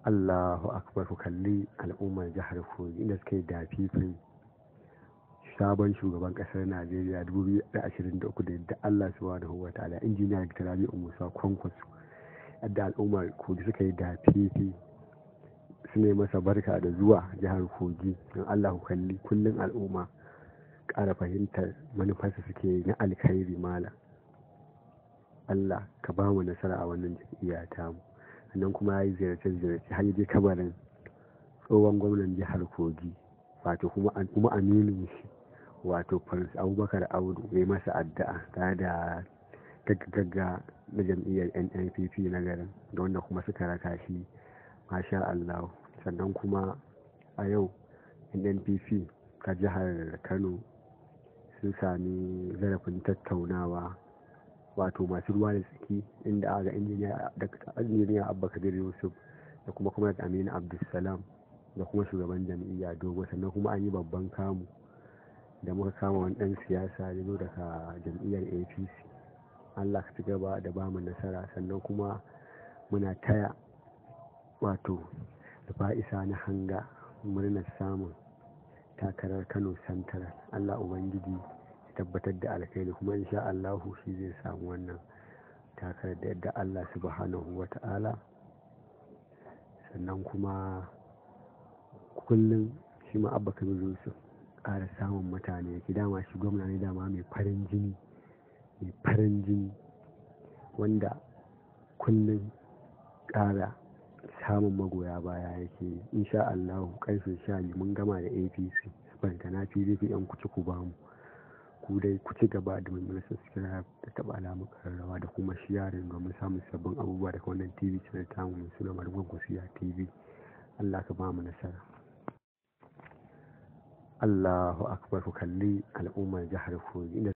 Allahu akbar ku kalli al'ummar jihar Kogi inda suka yi dafifin sabon shugaban ƙasar Najeriya 2023 da yadda Allah subhanahu wa ta'ala injiniya Dr. Rabi'u Musa kwankwas yadda al'ummar Kogi suka yi dafifi su ne masa barka da zuwa jihar Kogi don Allah ku kalli kullum al'umma ƙara fahimtar manufarsa suke na alkhairi mala Allah ka ba mu nasara a wannan jam'iyya tamu sannan kuma ya yi ziyarce-ziyarce har je kabarin tsohon gwamnan jihar kogi wato kuma aminin shi wato prince abubakar audu ya masa addu'a tare da gaggagga na jam'iyyar nnpp na garin da wanda kuma suka raka shi masha allahu sannan kuma a yau nnpp ta jihar kano sun sami zarafin tattaunawa wato masu ruwa da tsaki inda aga ga injiniya abba Kadir yusuf da kuma kuma aminu abdulsalam da kuma shugaban jam'iyya dogo sannan kuma an yi babban kamu da muka kama wani ɗan siyasa ya zo daga jam'iyyar apc allah ka ci gaba da mu nasara sannan kuma muna taya wato rufa'isa na hanga murnar samun takarar kano central allah ubangiji tabbatar da alkhairi kuma in sha Allah shi zai samu wannan takarar da yadda Allah subhanahu wa ta'ala sannan kuma kullum shi ma abba zo su ƙara samun mutane yake dama shi gwamna ne dama mai farin jini mai farin jini wanda kullum ƙara samun magoya baya yake insha Allah ƙarfin sha mun gama da apc bantana pdp yan kuci ku bamu ku dai ku ci gaba da mai subscribe da taɓa alamun ƙararrawa da kuma sharing domin samun sabbin abubuwa daga wannan tv channel mu mai suna marugun kusiya tv allah ka ba mu nasara allahu akbar ku kalli al'ummar jihar kogi